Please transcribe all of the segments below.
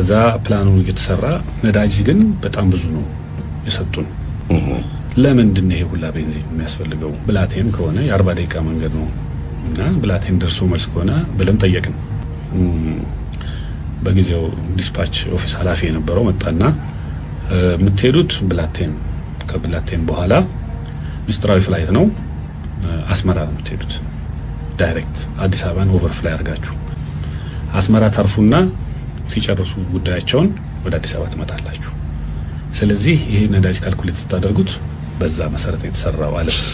ከዛ ፕላኑ እየተሰራ ነዳጅ ግን በጣም ብዙ ነው የሰጡን። ለምንድን ነው ይሄ ሁላ ቤንዚን የሚያስፈልገው? ብላቴን ከሆነ የአርባ ደቂቃ መንገድ ነው እና ብላቴን ደርሶ መልስ ከሆነ ብለን ጠየቅን። በጊዜው ዲስፓች ኦፊስ ኃላፊ የነበረው መጣና የምትሄዱት ብላቴን ከብላቴን በኋላ ሚስጥራዊ ፍላይት ነው አስመራ ነው የምትሄዱት ዳይሬክት አዲስ አበባን ኦቨርፍላይ አድርጋችሁ አስመራ ታርፉና ሲጨርሱ ጉዳያቸውን ወደ አዲስ አበባ ትመጣላችሁ። ስለዚህ ይሄ ነዳጅ ካልኩሌት ስታደርጉት በዛ መሰረት የተሰራ ማለት ነው።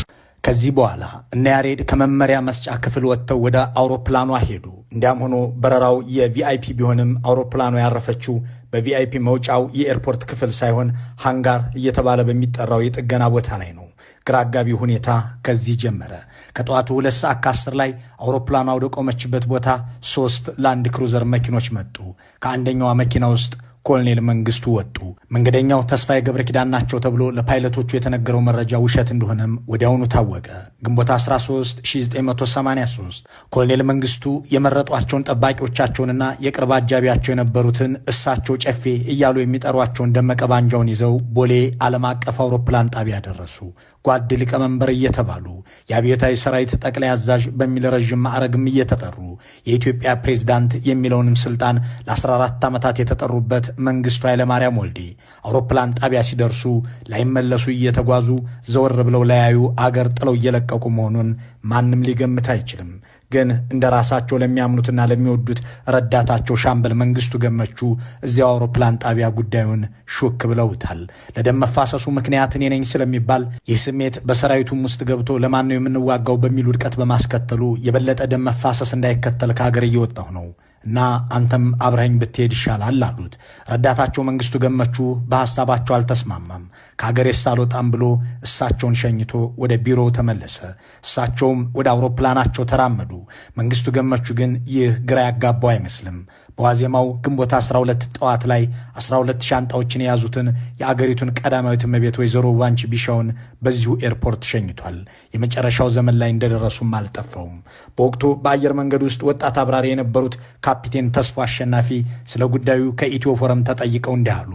ከዚህ በኋላ እነ ያሬድ ከመመሪያ መስጫ ክፍል ወጥተው ወደ አውሮፕላኗ ሄዱ። እንዲያም ሆኖ በረራው የቪአይፒ ቢሆንም አውሮፕላኗ ያረፈችው በቪአይፒ መውጫው የኤርፖርት ክፍል ሳይሆን ሃንጋር እየተባለ በሚጠራው የጥገና ቦታ ላይ ነው። ግራጋቢ ሁኔታ ከዚህ ጀመረ። ከጠዋቱ ሁለት ሰዓት ከአስር ላይ አውሮፕላኗ ወደ ቆመችበት ቦታ ሶስት ላንድ ክሩዘር መኪኖች መጡ። ከአንደኛዋ መኪና ውስጥ ኮሎኔል መንግስቱ ወጡ። መንገደኛው ተስፋዬ ገብረ ኪዳን ናቸው ተብሎ ለፓይለቶቹ የተነገረው መረጃ ውሸት እንደሆነም ወዲያውኑ ታወቀ። ግንቦት 13 1983 ኮሎኔል መንግስቱ የመረጧቸውን ጠባቂዎቻቸውንና የቅርብ አጃቢያቸው የነበሩትን እሳቸው ጨፌ እያሉ የሚጠሯቸውን ደመቀ ባንጃውን ይዘው ቦሌ ዓለም አቀፍ አውሮፕላን ጣቢያ ደረሱ። ጓድ ሊቀመንበር እየተባሉ የአብዮታዊ ሰራዊት ጠቅላይ አዛዥ በሚል ረዥም ማዕረግም እየተጠሩ የኢትዮጵያ ፕሬዝዳንት የሚለውንም ስልጣን ለ14 ዓመታት የተጠሩበት መንግስቱ ኃይለማርያም ወልዴ አውሮፕላን ጣቢያ ሲደርሱ ላይመለሱ እየተጓዙ ዘወር ብለው ለያዩ አገር ጥለው እየለቀቁ መሆኑን ማንም ሊገምት አይችልም። ግን እንደ ራሳቸው ለሚያምኑትና ለሚወዱት ረዳታቸው ሻምበል መንግስቱ ገመቹ እዚያው አውሮፕላን ጣቢያ ጉዳዩን ሹክ ብለውታል። ለደም መፋሰሱ ምክንያት እኔ ነኝ ስለሚባል ይህ ስሜት በሰራዊቱም ውስጥ ገብቶ ለማን ነው የምንዋጋው በሚል ውድቀት በማስከተሉ የበለጠ ደም መፋሰስ እንዳይከተል ከሀገር እየወጣሁ ነው እና አንተም አብረኸኝ ብትሄድ ይሻላል አሉት። ረዳታቸው መንግስቱ ገመቹ በሐሳባቸው አልተስማማም። ከአገሬስ አልወጣም ብሎ እሳቸውን ሸኝቶ ወደ ቢሮው ተመለሰ። እሳቸውም ወደ አውሮፕላናቸው ተራመዱ። መንግስቱ ገመቹ ግን ይህ ግራ ያጋባው አይመስልም። በዋዜማው ግንቦት 12 ጠዋት ላይ 12 ሻንጣዎችን የያዙትን የአገሪቱን ቀዳማዊት እመቤት ወይዘሮ ባንቺ ቢሻውን በዚሁ ኤርፖርት ሸኝቷል። የመጨረሻው ዘመን ላይ እንደደረሱም አልጠፋውም። በወቅቱ በአየር መንገድ ውስጥ ወጣት አብራሪ የነበሩት ካፒቴን ተስፋ አሸናፊ ስለ ጉዳዩ ከኢትዮ ፎረም ተጠይቀው እንዲህ አሉ።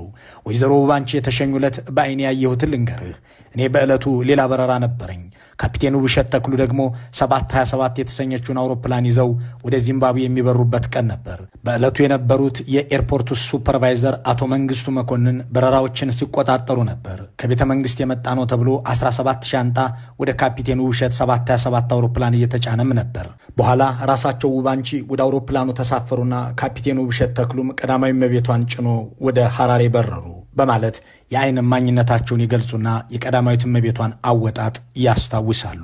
ወይዘሮ ውባንቺ የተሸኙለት በአይኔ ያየሁትን ልንገርህ። እኔ በዕለቱ ሌላ በረራ ነበረኝ። ካፒቴኑ ብሸት ተክሉ ደግሞ 727 የተሰኘችውን አውሮፕላን ይዘው ወደ ዚምባብዌ የሚበሩበት ቀን ነበር። በዕለቱ የነበሩት የኤርፖርቱ ሱፐርቫይዘር አቶ መንግስቱ መኮንን በረራዎችን ሲቆጣጠሩ ነበር። ከቤተ መንግስት የመጣ ነው ተብሎ 17 ሻንጣ ወደ ካፒቴኑ ብሸት 727 አውሮፕላን እየተጫነም ነበር። በኋላ ራሳቸው ውባንቺ ወደ አውሮፕላኑ ተሳፈሩና ካፒቴኑ ብሸት ተክሉም ቀዳማዊ እመቤቷን ጭኖ ወደ ሐራሬ በረሩ። በማለት የአይን እማኝነታቸውን ይገልጹና የቀዳማዊት እመቤቷን አወጣጥ ያስታውሳሉ።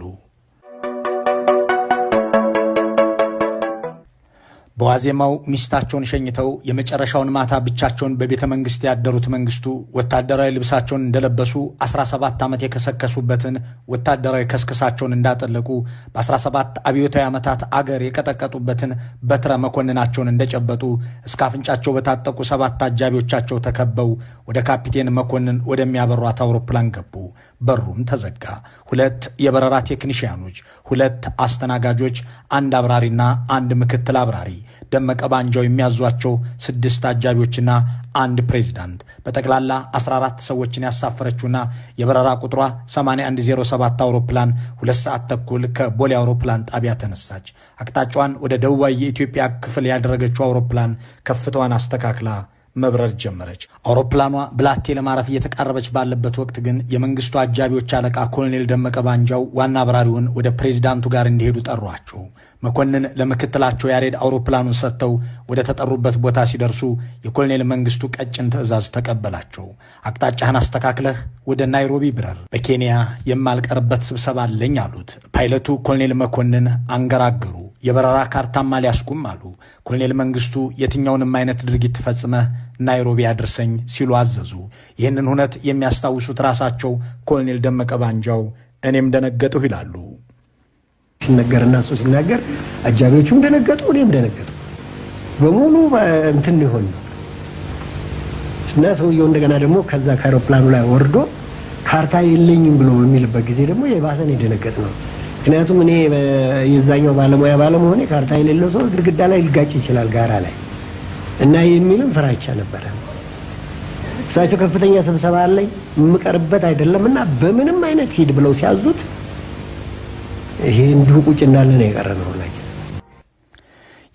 በዋዜማው ሚስታቸውን ሸኝተው የመጨረሻውን ማታ ብቻቸውን በቤተ መንግስት ያደሩት መንግስቱ ወታደራዊ ልብሳቸውን እንደለበሱ 17 ዓመት የከሰከሱበትን ወታደራዊ ከስከሳቸውን እንዳጠለቁ በ17 አብዮታዊ ዓመታት አገር የቀጠቀጡበትን በትረ መኮንናቸውን እንደጨበጡ እስከ አፍንጫቸው በታጠቁ ሰባት አጃቢዎቻቸው ተከበው ወደ ካፒቴን መኮንን ወደሚያበሯት አውሮፕላን ገቡ። በሩም ተዘጋ። ሁለት የበረራ ቴክኒሽያኖች፣ ሁለት አስተናጋጆች፣ አንድ አብራሪና አንድ ምክትል አብራሪ ደመቀ ባንጃው የሚያዟቸው ስድስት አጃቢዎችና አንድ ፕሬዚዳንት በጠቅላላ 14 ሰዎችን ያሳፈረችውና የበረራ ቁጥሯ 8107 አውሮፕላን ሁለት ሰዓት ተኩል ከቦሌ አውሮፕላን ጣቢያ ተነሳች። አቅጣጫዋን ወደ ደቡባዊ የኢትዮጵያ ክፍል ያደረገችው አውሮፕላን ከፍታዋን አስተካክላ መብረር ጀመረች። አውሮፕላኗ ብላቴ ለማረፍ እየተቃረበች ባለበት ወቅት ግን የመንግስቱ አጃቢዎች አለቃ ኮሎኔል ደመቀ ባንጃው ዋና አብራሪውን ወደ ፕሬዚዳንቱ ጋር እንዲሄዱ ጠሯቸው። መኮንን ለምክትላቸው ያሬድ አውሮፕላኑን ሰጥተው ወደ ተጠሩበት ቦታ ሲደርሱ የኮሎኔል መንግስቱ ቀጭን ትዕዛዝ ተቀበላቸው። አቅጣጫህን አስተካክለህ ወደ ናይሮቢ ብረር፣ በኬንያ የማልቀርበት ስብሰባ አለኝ አሉት። ፓይለቱ ኮሎኔል መኮንን አንገራገሩ። የበረራ ካርታማ ሊያስቁም አሉ። ኮሎኔል መንግስቱ የትኛውንም አይነት ድርጊት ፈጽመህ ናይሮቢ አድርሰኝ ሲሉ አዘዙ። ይህንን ሁነት የሚያስታውሱት ራሳቸው ኮሎኔል ደመቀ ባንጃው እኔም ደነገጥሁ ይላሉ። ሲነገርና እሱ ሲናገር አጃቢዎቹም ደነገጡ፣ እኔም ደነገጡ። በሙሉ እንትን ይሆን እና ሰውየው እንደገና ደግሞ ከዛ ከአይሮፕላኑ ላይ ወርዶ ካርታ የለኝም ብሎ በሚልበት ጊዜ ደግሞ የባሰን የደነገጥ ነው። ምክንያቱም እኔ የዛኛው ባለሙያ ባለመሆኔ ካርታ የሌለው ሰው ግድግዳ ላይ ሊጋጭ ይችላል ጋራ ላይ እና የሚልም ፍራቻ ነበረ። እሳቸው ከፍተኛ ስብሰባ አለኝ የምቀርበት አይደለም እና በምንም አይነት ሂድ ብለው ሲያዙት ይሄ እንዲሁ ቁጭ እንዳለ ነው የቀረ ነው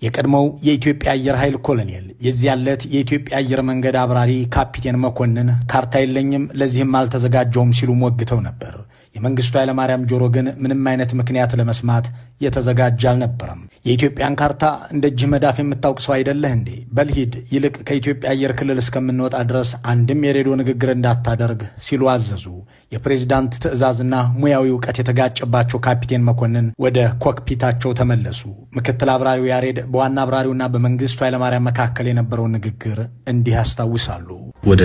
የቀድሞው የኢትዮጵያ አየር ኃይል ኮሎኔል የዚያን ዕለት የኢትዮጵያ አየር መንገድ አብራሪ ካፒቴን መኮንን ካርታ የለኝም ለዚህም አልተዘጋጀውም ሲሉ ሞግተው ነበር። የመንግስቱ ኃይለማርያም ጆሮ ግን ምንም አይነት ምክንያት ለመስማት የተዘጋጀ አልነበረም። የኢትዮጵያን ካርታ እንደ እጅህ መዳፍ የምታውቅ ሰው አይደለህ እንዴ? በልሂድ ይልቅ ከኢትዮጵያ አየር ክልል እስከምንወጣ ድረስ አንድም የሬዲዮ ንግግር እንዳታደርግ ሲሉ አዘዙ። የፕሬዚዳንት ትዕዛዝና ሙያዊ እውቀት የተጋጨባቸው ካፒቴን መኮንን ወደ ኮክፒታቸው ተመለሱ። ምክትል አብራሪው ያሬድ በዋና አብራሪውና በመንግስቱ ኃይለማርያም መካከል የነበረውን ንግግር እንዲህ ያስታውሳሉ። ወደ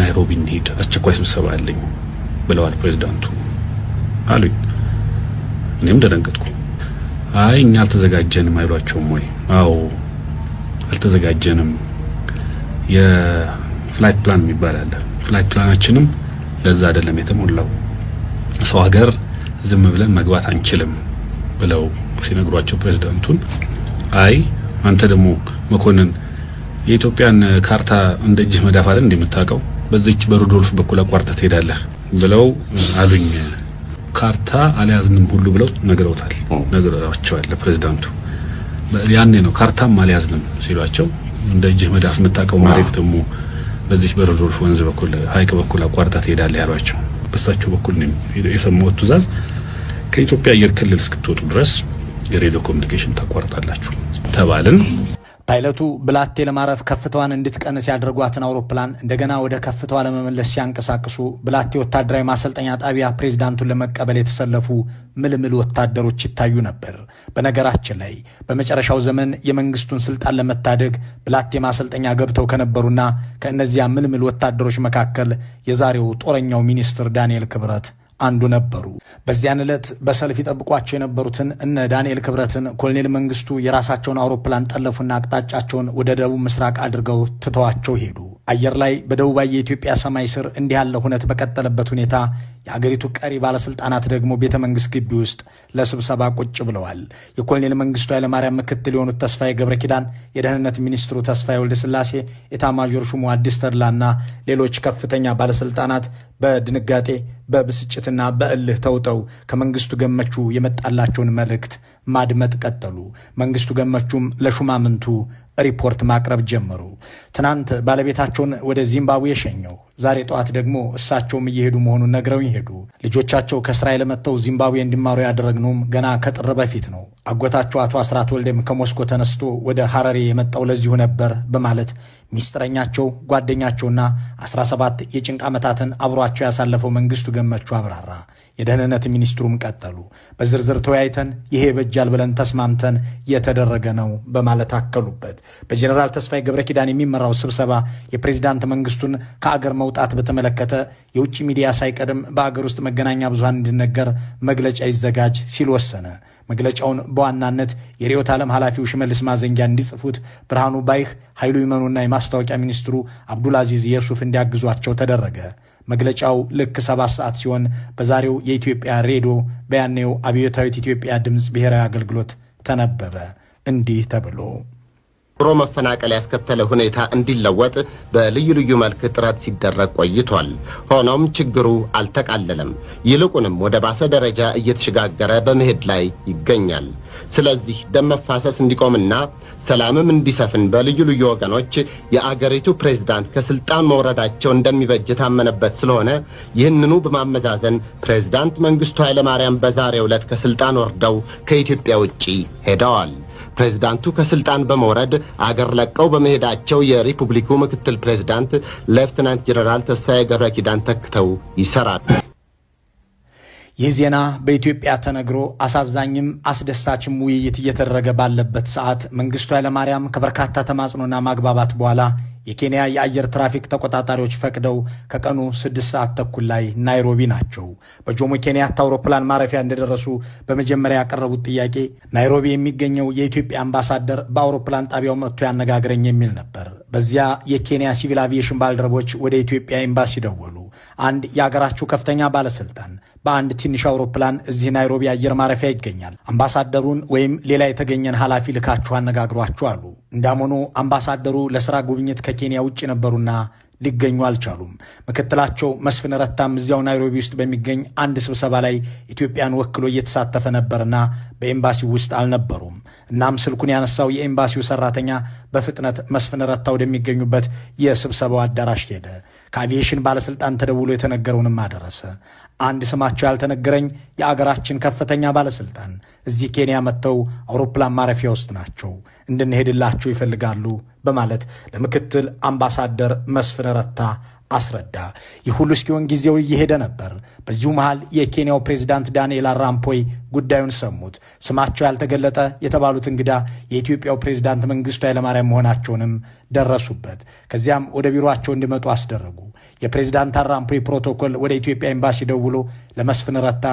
ናይሮቢ እንሄድ፣ አስቸኳይ ስብሰባ አለኝ ብለዋል ፕሬዚዳንቱ አሉኝ። እኔም ደነገጥኩ። አይ እኛ አልተዘጋጀንም አይሏቸውም ወይ? አዎ አልተዘጋጀንም። የፍላይት ፕላን የሚባል አለ። ፍላይት ፕላናችንም ለዛ አይደለም የተሞላው። ሰው ሀገር ዝም ብለን መግባት አንችልም ብለው ሲነግሯቸው ፕሬዚዳንቱን፣ አይ አንተ ደግሞ መኮንን የኢትዮጵያን ካርታ እንደ እጅህ መዳፋትን እንደምታውቀው በዚች በሩዶልፍ በኩል አቋርጠ ትሄዳለህ ብለው አሉኝ። ካርታ አልያዝንም ሁሉ ብለው ነግረውታል ነግረዋቸዋል ፕሬዚዳንቱ። ያኔ ነው ካርታም አልያዝንም ሲሏቸው እንደ እጅህ መዳፍ የምታውቀው መሬት ደግሞ በዚች በሮዶልፍ ወንዝ በኩል ሀይቅ በኩል አቋርጣ ትሄዳለህ ያሏቸው። በሳቸው በኩል የሰማሁት ከኢትዮጵያ አየር ክልል እስክትወጡ ድረስ የሬዲዮ ኮሚኒኬሽን ታቋርጣላችሁ ተባልን። ፓይለቱ ብላቴ ለማረፍ ከፍታዋን እንድትቀንስ ያደርጓትን አውሮፕላን እንደገና ወደ ከፍታዋ ለመመለስ ሲያንቀሳቅሱ ብላቴ ወታደራዊ ማሰልጠኛ ጣቢያ ፕሬዝዳንቱን ለመቀበል የተሰለፉ ምልምል ወታደሮች ይታዩ ነበር። በነገራችን ላይ በመጨረሻው ዘመን የመንግስቱን ስልጣን ለመታደግ ብላቴ ማሰልጠኛ ገብተው ከነበሩና ከእነዚያ ምልምል ወታደሮች መካከል የዛሬው ጦረኛው ሚኒስትር ዳንኤል ክብረት አንዱ ነበሩ። በዚያን ዕለት በሰልፍ ይጠብቋቸው የነበሩትን እነ ዳንኤል ክብረትን ኮሎኔል መንግስቱ የራሳቸውን አውሮፕላን ጠለፉና አቅጣጫቸውን ወደ ደቡብ ምስራቅ አድርገው ትተዋቸው ሄዱ። አየር ላይ በደቡባዊ የኢትዮጵያ ሰማይ ስር እንዲህ ያለ ሁነት በቀጠለበት ሁኔታ የአገሪቱ ቀሪ ባለስልጣናት ደግሞ ቤተ መንግስት ግቢ ውስጥ ለስብሰባ ቁጭ ብለዋል። የኮሎኔል መንግስቱ ኃይለማርያም ምክትል የሆኑት ተስፋዬ ገብረ ኪዳን፣ የደህንነት ሚኒስትሩ ተስፋዬ ወልደ ስላሴ፣ ኤታማዦር ሹሙ አዲስ ተድላና ሌሎች ከፍተኛ ባለስልጣናት በድንጋጤ በብስጭትና በእልህ ተውጠው ከመንግስቱ ገመቹ የመጣላቸውን መልእክት ማድመጥ ቀጠሉ። መንግስቱ ገመቹም ለሹማምንቱ ሪፖርት ማቅረብ ጀመሩ። ትናንት ባለቤታቸውን ወደ ዚምባብዌ ሸኘው፣ ዛሬ ጠዋት ደግሞ እሳቸውም እየሄዱ መሆኑን ነግረው ይሄዱ። ልጆቻቸው ከእስራኤል መጥተው ዚምባብዌ እንዲማሩ ያደረግነውም ገና ከጥር በፊት ነው። አጎታቸው አቶ አስራት ወልደም ከሞስኮ ተነስቶ ወደ ሐረሬ የመጣው ለዚሁ ነበር በማለት ሚስጥረኛቸው ጓደኛቸውና 17 የጭንቅ ዓመታትን አብሯቸው ያሳለፈው መንግስቱ ገመቹ አብራራ። የደህንነት ሚኒስትሩም ቀጠሉ። በዝርዝር ተወያይተን ይሄ ይበጃል ብለን ተስማምተን የተደረገ ነው በማለት አከሉበት። በጀኔራል ተስፋዬ ገብረ ኪዳን የሚመራው ስብሰባ የፕሬዚዳንት መንግስቱን ከአገር መውጣት በተመለከተ የውጭ ሚዲያ ሳይቀድም በአገር ውስጥ መገናኛ ብዙሃን እንዲነገር መግለጫ ይዘጋጅ ሲል ወሰነ። መግለጫውን በዋናነት የርዕዮተ ዓለም ኃላፊው ሽመልስ ማዘንጊያ እንዲጽፉት፣ ብርሃኑ ባይህ፣ ኃይሉ ይመኑና የማስታወቂያ ሚኒስትሩ አብዱል አዚዝ የሱፍ እንዲያግዟቸው ተደረገ። መግለጫው ልክ ሰባት ሰዓት ሲሆን በዛሬው የኢትዮጵያ ሬዲዮ በያኔው አብዮታዊት ኢትዮጵያ ድምፅ ብሔራዊ አገልግሎት ተነበበ እንዲህ ተብሎ ሮ መፈናቀል ያስከተለ ሁኔታ እንዲለወጥ በልዩ ልዩ መልክ ጥረት ሲደረግ ቆይቷል። ሆኖም ችግሩ አልተቃለለም፣ ይልቁንም ወደ ባሰ ደረጃ እየተሸጋገረ በመሄድ ላይ ይገኛል። ስለዚህ ደም መፋሰስ እንዲቆምና ሰላምም እንዲሰፍን በልዩ ልዩ ወገኖች የአገሪቱ ፕሬዝዳንት ከስልጣን መውረዳቸው እንደሚበጅ የታመነበት ስለሆነ ይህንኑ በማመዛዘን ፕሬዝዳንት መንግስቱ ኃይለማርያም በዛሬው ዕለት ከስልጣን ወርደው ከኢትዮጵያ ውጪ ሄደዋል። ፕሬዝዳንቱ ከስልጣን በመውረድ አገር ለቀው በመሄዳቸው የሪፑብሊኩ ምክትል ፕሬዝዳንት ሌፍትናንት ጀነራል ተስፋዬ ገብረ ኪዳን ተክተው ይሰራል። ይህ ዜና በኢትዮጵያ ተነግሮ አሳዛኝም አስደሳችም ውይይት እየተደረገ ባለበት ሰዓት መንግስቱ ኃይለማርያም ከበርካታ ተማጽኖና ማግባባት በኋላ የኬንያ የአየር ትራፊክ ተቆጣጣሪዎች ፈቅደው ከቀኑ ስድስት ሰዓት ተኩል ላይ ናይሮቢ ናቸው። በጆሞ ኬንያታ አውሮፕላን ማረፊያ እንደደረሱ በመጀመሪያ ያቀረቡት ጥያቄ ናይሮቢ የሚገኘው የኢትዮጵያ አምባሳደር በአውሮፕላን ጣቢያው መጥቶ ያነጋግረኝ የሚል ነበር። በዚያ የኬንያ ሲቪል አቪዬሽን ባልደረቦች ወደ ኢትዮጵያ ኤምባሲ ደወሉ። አንድ የአገራችሁ ከፍተኛ ባለስልጣን በአንድ ትንሽ አውሮፕላን እዚህ ናይሮቢ አየር ማረፊያ ይገኛል። አምባሳደሩን ወይም ሌላ የተገኘን ኃላፊ ልካችሁ አነጋግሯችሁ አሉ። እንዳም ሆኖ አምባሳደሩ ለስራ ጉብኝት ከኬንያ ውጭ ነበሩና ሊገኙ አልቻሉም። ምክትላቸው መስፍን ረታም እዚያው ናይሮቢ ውስጥ በሚገኝ አንድ ስብሰባ ላይ ኢትዮጵያን ወክሎ እየተሳተፈ ነበርና በኤምባሲው ውስጥ አልነበሩም። እናም ስልኩን ያነሳው የኤምባሲው ሰራተኛ በፍጥነት መስፍን ረታ ወደሚገኙበት የስብሰባው አዳራሽ ሄደ። ከአቪዬሽን ባለስልጣን ተደውሎ የተነገረውንም አደረሰ። አንድ ስማቸው ያልተነገረኝ የአገራችን ከፍተኛ ባለስልጣን እዚህ ኬንያ መጥተው አውሮፕላን ማረፊያ ውስጥ ናቸው እንድንሄድላችሁ ይፈልጋሉ በማለት ለምክትል አምባሳደር መስፍን ረታ አስረዳ። ይህ ሁሉ እስኪሆን ጊዜው እየሄደ ነበር። በዚሁ መሃል የኬንያው ፕሬዚዳንት ዳንኤል አራምፖይ ጉዳዩን ሰሙት። ስማቸው ያልተገለጠ የተባሉት እንግዳ የኢትዮጵያው ፕሬዚዳንት መንግስቱ ኃይለማርያም መሆናቸውንም ደረሱበት። ከዚያም ወደ ቢሮቸው እንዲመጡ አስደረጉ። የፕሬዚዳንት አራምፖይ ፕሮቶኮል ወደ ኢትዮጵያ ኤምባሲ ደውሎ ለመስፍን ረታ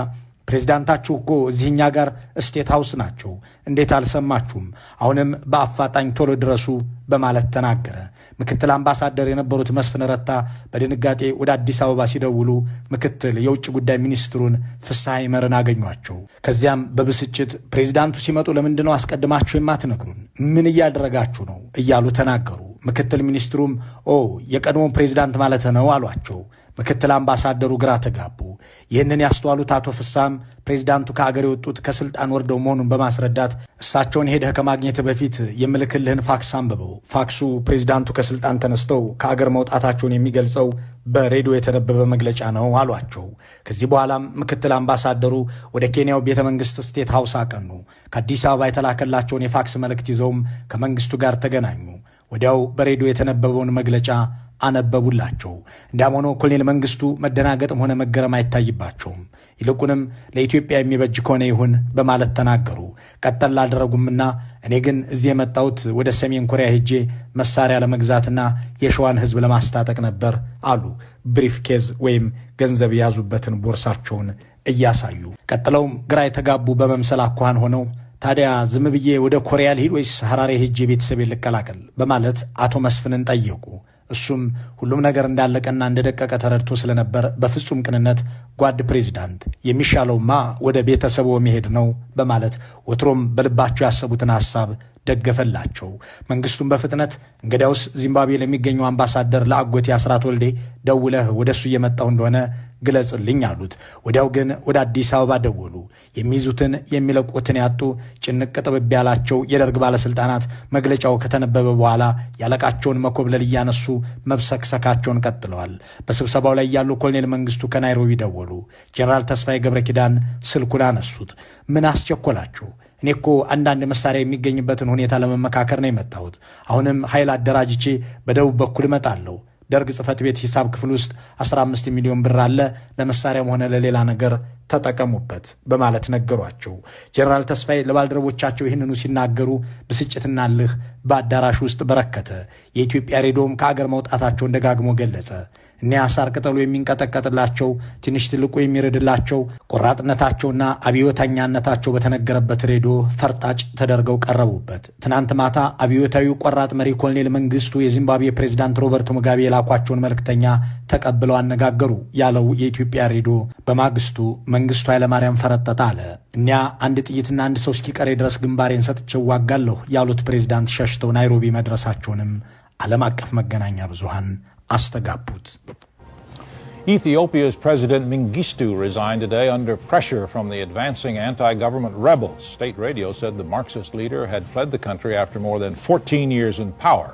ፕሬዚዳንታችሁ እኮ እዚህኛ ጋር ስቴት ሀውስ ናቸው፣ እንዴት አልሰማችሁም? አሁንም በአፋጣኝ ቶሎ ድረሱ በማለት ተናገረ። ምክትል አምባሳደር የነበሩት መስፍን ረታ በድንጋጤ ወደ አዲስ አበባ ሲደውሉ ምክትል የውጭ ጉዳይ ሚኒስትሩን ፍስሐ ይመርን አገኟቸው። ከዚያም በብስጭት ፕሬዚዳንቱ ሲመጡ ለምንድነው አስቀድማችሁ የማትነግሩን? ምን እያደረጋችሁ ነው? እያሉ ተናገሩ። ምክትል ሚኒስትሩም ኦ የቀድሞ ፕሬዚዳንት ማለት ነው አሏቸው። ምክትል አምባሳደሩ ግራ ተጋቡ። ይህንን ያስተዋሉት አቶ ፍሳም ፕሬዚዳንቱ ከአገር የወጡት ከስልጣን ወርደው መሆኑን በማስረዳት እሳቸውን ሄደህ ከማግኘት በፊት የምልክልህን ፋክስ አንብበው። ፋክሱ ፕሬዚዳንቱ ከስልጣን ተነስተው ከአገር መውጣታቸውን የሚገልጸው በሬዲዮ የተነበበ መግለጫ ነው አሏቸው። ከዚህ በኋላም ምክትል አምባሳደሩ ወደ ኬንያው ቤተ መንግስት ስቴት ሀውስ አቀኑ። ከአዲስ አበባ የተላከላቸውን የፋክስ መልእክት ይዘውም ከመንግስቱ ጋር ተገናኙ። ወዲያው በሬዲዮ የተነበበውን መግለጫ አነበቡላቸው። እንዲያም ሆኖ ኮሎኔል መንግስቱ መደናገጥም ሆነ መገረም አይታይባቸውም። ይልቁንም ለኢትዮጵያ የሚበጅ ከሆነ ይሁን በማለት ተናገሩ። ቀጠል ላደረጉምና እኔ ግን እዚህ የመጣሁት ወደ ሰሜን ኮሪያ ሄጄ መሳሪያ ለመግዛትና የሸዋን ህዝብ ለማስታጠቅ ነበር አሉ። ብሪፍ ኬዝ ወይም ገንዘብ የያዙበትን ቦርሳቸውን እያሳዩ ቀጥለውም ግራ የተጋቡ በመምሰል አኳኋን ሆነው ታዲያ ዝም ብዬ ወደ ኮሪያ ልሂድ ወይስ ሐራሬ ሄጄ ቤተሰቤን ልቀላቀል በማለት አቶ መስፍንን ጠየቁ። እሱም ሁሉም ነገር እንዳለቀና እንደደቀቀ ተረድቶ ስለነበር በፍጹም ቅንነት ጓድ ፕሬዚዳንት፣ የሚሻለውማ ወደ ቤተሰቦ መሄድ ነው በማለት ወትሮም በልባቸው ያሰቡትን ሐሳብ ደገፈላቸው። መንግስቱን በፍጥነት እንግዲያውስ ዚምባብዌ ለሚገኙ አምባሳደር ለአጎቴ አስራት ወልዴ ደውለህ ወደ እሱ እየመጣው እንደሆነ ግለጽልኝ አሉት። ወዲያው ግን ወደ አዲስ አበባ ደወሉ። የሚይዙትን የሚለቁትን ያጡ ጭንቅ ጥብብ ያላቸው የደርግ ባለስልጣናት መግለጫው ከተነበበ በኋላ ያለቃቸውን መኮብለል እያነሱ መብሰክሰካቸውን ቀጥለዋል። በስብሰባው ላይ ያሉ ኮሎኔል መንግስቱ ከናይሮቢ ደወሉ። ጀኔራል ተስፋዬ ገብረ ኪዳን ስልኩን አነሱት። ምን አስቸኮላችሁ? እኔ እኮ አንዳንድ መሳሪያ የሚገኝበትን ሁኔታ ለመመካከር ነው የመጣሁት። አሁንም ኃይል አደራጅቼ በደቡብ በኩል እመጣለሁ። ደርግ ጽህፈት ቤት ሂሳብ ክፍል ውስጥ 15 ሚሊዮን ብር አለ። ለመሳሪያም ሆነ ለሌላ ነገር ተጠቀሙበት በማለት ነገሯቸው። ጀነራል ተስፋዬ ለባልደረቦቻቸው ይህንኑ ሲናገሩ ብስጭትና እልህ በአዳራሽ ውስጥ በረከተ። የኢትዮጵያ ሬዲዮም ከአገር መውጣታቸውን ደጋግሞ ገለጸ። እኒያ ሳር ቅጠሉ የሚንቀጠቀጥላቸው ትንሽ ትልቁ የሚረድላቸው ቆራጥነታቸውና አብዮተኛነታቸው በተነገረበት ሬዲዮ ፈርጣጭ ተደርገው ቀረቡበት። ትናንት ማታ አብዮታዊው ቆራጥ መሪ ኮሎኔል መንግስቱ የዚምባብዌ ፕሬዚዳንት ሮበርት ሙጋቤ የላኳቸውን መልእክተኛ ተቀብለው አነጋገሩ ያለው የኢትዮጵያ ሬዲዮ በማግስቱ መንግስቱ ኃይለማርያም አንድ ጥይትና አንድ ሰው እስኪቀሬ ድረስ ግንባሬን ሰጥቼ ያሉት ሸሽተው ናይሮቢ መድረሳቸውንም ዓለም አቀፍ መገናኛ ብዙሃን አስተጋቡት። Ethiopia's President Mengistu resigned today under pressure from the advancing anti government rebels. State radio said the Marxist leader had fled the country after more than 14 years in power.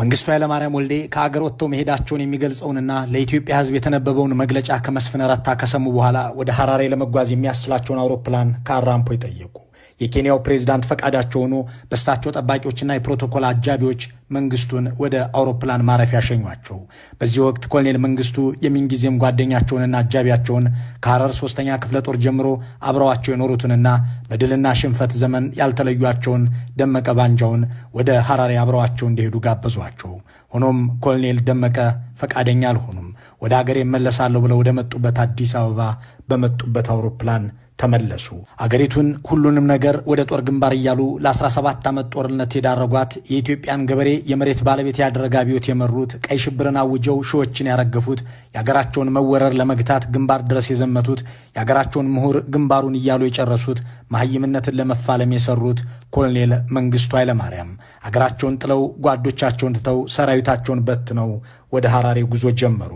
መንግስቱ ኃይለማርያም ወልዴ ከአገር ወጥተው መሄዳቸውን የሚገልጸውንና ለኢትዮጵያ ሕዝብ የተነበበውን መግለጫ ከመስፍን ረታ ከሰሙ በኋላ ወደ ሐራሬ ለመጓዝ የሚያስችላቸውን አውሮፕላን ከአራምፖ ጠየቁ። የኬንያው ፕሬዚዳንት ፈቃዳቸው ሆኖ በእሳቸው ጠባቂዎችና የፕሮቶኮል አጃቢዎች መንግስቱን ወደ አውሮፕላን ማረፊያ ያሸኟቸው። በዚህ ወቅት ኮሎኔል መንግስቱ የምንጊዜም ጓደኛቸውንና አጃቢያቸውን ከሐረር ሶስተኛ ክፍለ ጦር ጀምሮ አብረዋቸው የኖሩትንና በድልና ሽንፈት ዘመን ያልተለዩቸውን ደመቀ ባንጃውን ወደ ሐራሬ አብረዋቸው እንዲሄዱ ጋበዟቸው። ሆኖም ኮሎኔል ደመቀ ፈቃደኛ አልሆኑም። ወደ አገር እመለሳለሁ ብለው ወደ መጡበት አዲስ አበባ በመጡበት አውሮፕላን ተመለሱ። አገሪቱን ሁሉንም ነገር ወደ ጦር ግንባር እያሉ ለ17 ዓመት ጦርነት የዳረጓት የኢትዮጵያን ገበሬ የመሬት ባለቤት ያደረገ አብዮት የመሩት ቀይ ሽብርን አውጀው ሺዎችን ያረገፉት የአገራቸውን መወረር ለመግታት ግንባር ድረስ የዘመቱት የአገራቸውን ምሁር ግንባሩን እያሉ የጨረሱት መሐይምነትን ለመፋለም የሰሩት ኮሎኔል መንግስቱ ኃይለማርያም አገራቸውን ጥለው ጓዶቻቸውን ትተው ሰራዊታቸውን በትነው ወደ ሐራሬ ጉዞ ጀመሩ።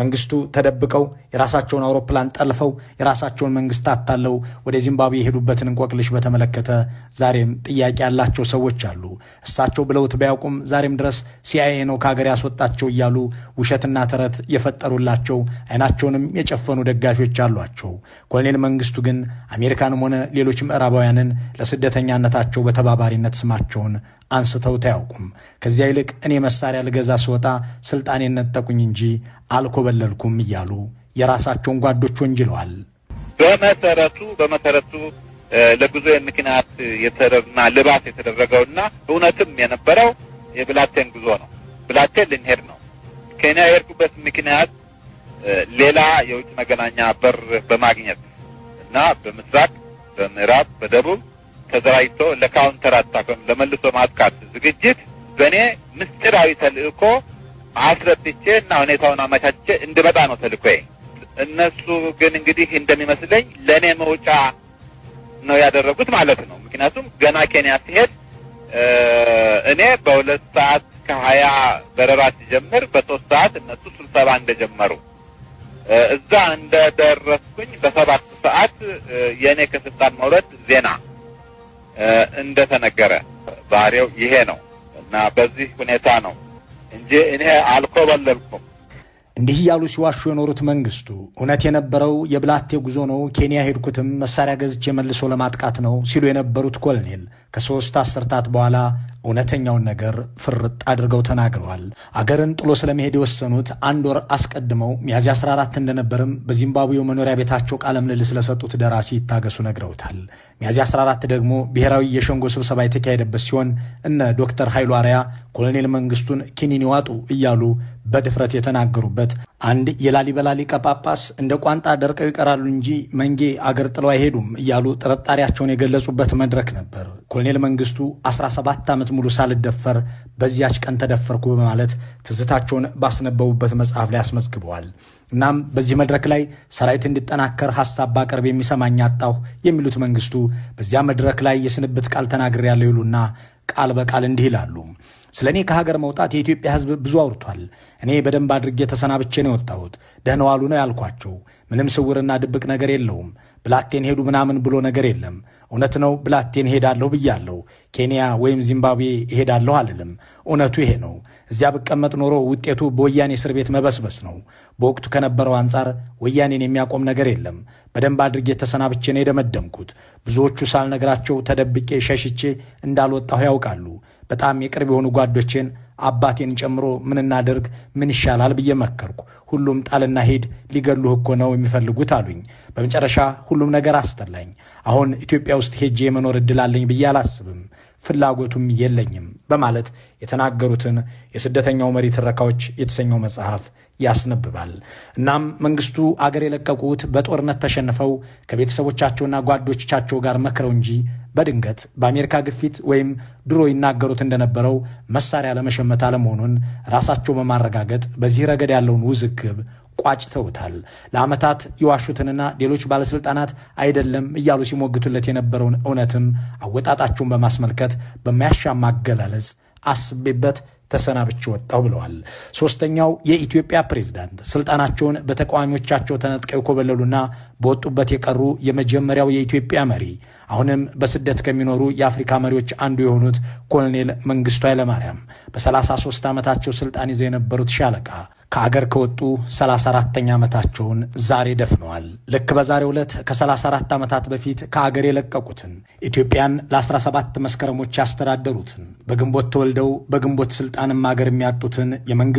መንግስቱ ተደብቀው የራሳቸውን አውሮፕላን ጠልፈው የራሳቸውን መንግስት አታለው ወደ ዚምባብዌ የሄዱበትን እንቆቅልሽ በተመለከተ ዛሬም ጥያቄ ያላቸው ሰዎች አሉ። እሳቸው ብለውት ቢያውቁም ዛሬም ድረስ ሲአይኤ ነው ከሀገር ያስወጣቸው እያሉ ውሸትና ተረት የፈጠሩላቸው አይናቸውንም የጨፈኑ ደጋፊዎች አሏቸው። ኮሎኔል መንግስቱ ግን አሜሪካንም ሆነ ሌሎች ምዕራባውያንን ለስደተኛነታቸው በተባባሪነት ስማቸውን አንስተውት አያውቁም። ከዚያ ይልቅ እኔ መሳሪያ ልገዛ ስወጣ ስልጣኔ ነጠቁኝ እንጂ አልኮበለልኩም እያሉ የራሳቸውን ጓዶች ወንጅለዋል። በመሰረቱ በመሰረቱ ለጉዞ ምክንያት የተና ልባት የተደረገውና እውነትም የነበረው የብላቴን ጉዞ ነው። ብላቴን ልንሄድ ነው። ኬንያ የሄድኩበት ምክንያት ሌላ የውጭ መገናኛ በር በማግኘት እና በምስራቅ፣ በምዕራብ፣ በደቡብ ዝግጅት በእኔ ምስጢራዊ ተልእኮ አስረድቼ እና ሁኔታውን አመቻችቼ እንድመጣ ነው ተልእኮዬ። እነሱ ግን እንግዲህ እንደሚመስለኝ ለእኔ መውጫ ነው ያደረጉት ማለት ነው። ምክንያቱም ገና ኬንያ ሲሄድ እኔ በሁለት ሰዓት ከሀያ በረራ ሲጀምር በሶስት ሰዓት እነሱ ስብሰባ እንደጀመሩ እዛ እንደደረስኩኝ በሰባት ሰዓት የእኔ ከስልጣን መውረድ ዜና እንደተነገረ ባህሪው ይሄ ነው እና በዚህ ሁኔታ ነው እንጂ እኔ አልኮበለልኩም። እንዲህ እያሉ ሲዋሹ የኖሩት መንግስቱ እውነት የነበረው የብላቴ ጉዞ ነው፣ ኬንያ ሄድኩትም መሳሪያ ገዝቼ መልሶ ለማጥቃት ነው ሲሉ የነበሩት ኮሎኔል ከሶስት አስርታት በኋላ እውነተኛውን ነገር ፍርጥ አድርገው ተናግረዋል። አገርን ጥሎ ስለመሄድ የወሰኑት አንድ ወር አስቀድመው ሚያዝያ 14 እንደነበርም በዚምባብዌው መኖሪያ ቤታቸው ቃለ ምልልስ ለሰጡት ደራሲ ይታገሱ ነግረውታል። ሚያዝያ 14 ደግሞ ብሔራዊ የሸንጎ ስብሰባ የተካሄደበት ሲሆን እነ ዶክተር ኃይሉ አርያ ኮሎኔል መንግስቱን ይዋጡ እያሉ በድፍረት የተናገሩበት አንድ የላሊበላ ሊቀ ጳጳስ እንደ ቋንጣ ደርቀው ይቀራሉ እንጂ መንጌ አገር ጥለው አይሄዱም እያሉ ጥርጣሬያቸውን የገለጹበት መድረክ ነበር። ኮሎኔል መንግስቱ 17 ዓመት ሙሉ ሳልደፈር በዚያች ቀን ተደፈርኩ በማለት ትዝታቸውን ባስነበቡበት መጽሐፍ ላይ አስመዝግበዋል። እናም በዚህ መድረክ ላይ ሰራዊት እንዲጠናከር ሀሳብ ባቀርብ የሚሰማኝ አጣሁ የሚሉት መንግስቱ በዚያ መድረክ ላይ የስንብት ቃል ተናግሬያለሁ ይሉና ቃል በቃል እንዲህ ይላሉ። ስለ እኔ ከሀገር መውጣት የኢትዮጵያ ሕዝብ ብዙ አውርቷል። እኔ በደንብ አድርጌ ተሰናብቼ ነው የወጣሁት። ደህና ዋሉ ነው ያልኳቸው። ምንም ስውርና ድብቅ ነገር የለውም። ብላቴን ሄዱ ምናምን ብሎ ነገር የለም። እውነት ነው ብላቴን እሄዳለሁ ብያለሁ። ኬንያ ወይም ዚምባብዌ እሄዳለሁ አልልም። እውነቱ ይሄ ነው። እዚያ ብቀመጥ ኖሮ ውጤቱ በወያኔ እስር ቤት መበስበስ ነው። በወቅቱ ከነበረው አንጻር ወያኔን የሚያቆም ነገር የለም። በደንብ አድርጌ ተሰናብቼ ነው የደመደምኩት። ብዙዎቹ ሳልነግራቸው ተደብቄ ሸሽቼ እንዳልወጣሁ ያውቃሉ። በጣም የቅርብ የሆኑ ጓዶቼን አባቴን ጨምሮ ምን እናደርግ ምን ይሻላል ብዬ መከርኩ። ሁሉም ጣልና ሂድ፣ ሊገሉህ እኮ ነው የሚፈልጉት አሉኝ። በመጨረሻ ሁሉም ነገር አስጠላኝ። አሁን ኢትዮጵያ ውስጥ ሄጄ የመኖር እድል አለኝ ብዬ አላስብም። ፍላጎቱም የለኝም በማለት የተናገሩትን የስደተኛው መሪ ትረካዎች የተሰኘው መጽሐፍ ያስነብባል። እናም መንግስቱ አገር የለቀቁት በጦርነት ተሸንፈው ከቤተሰቦቻቸውና ጓዶቻቸው ጋር መክረው እንጂ በድንገት በአሜሪካ ግፊት ወይም ድሮ ይናገሩት እንደነበረው መሳሪያ ለመሸመት አለመሆኑን ራሳቸው በማረጋገጥ በዚህ ረገድ ያለውን ውዝግብ ቋጭተውታል። ለዓመታት የዋሹትንና ሌሎች ባለስልጣናት አይደለም እያሉ ሲሞግቱለት የነበረውን እውነትም አወጣጣቸውን በማስመልከት በማያሻማ አገላለጽ አስቤበት ተሰናብቼ ወጣሁ ብለዋል። ሶስተኛው የኢትዮጵያ ፕሬዝዳንት ስልጣናቸውን በተቃዋሚዎቻቸው ተነጥቀው የኮበለሉና በወጡበት የቀሩ የመጀመሪያው የኢትዮጵያ መሪ አሁንም በስደት ከሚኖሩ የአፍሪካ መሪዎች አንዱ የሆኑት ኮሎኔል መንግስቱ ኃይለማርያም በ33 ዓመታቸው ስልጣን ይዘው የነበሩት ሻለቃ ከአገር ከወጡ 34ተኛ ዓመታቸውን ዛሬ ደፍነዋል። ልክ በዛሬ ዕለት ከ34 ዓመታት በፊት ከአገር የለቀቁትን ኢትዮጵያን ለ17 መስከረሞች ያስተዳደሩትን በግንቦት ተወልደው በግንቦት ሥልጣንም አገር የሚያጡትን የመንግስት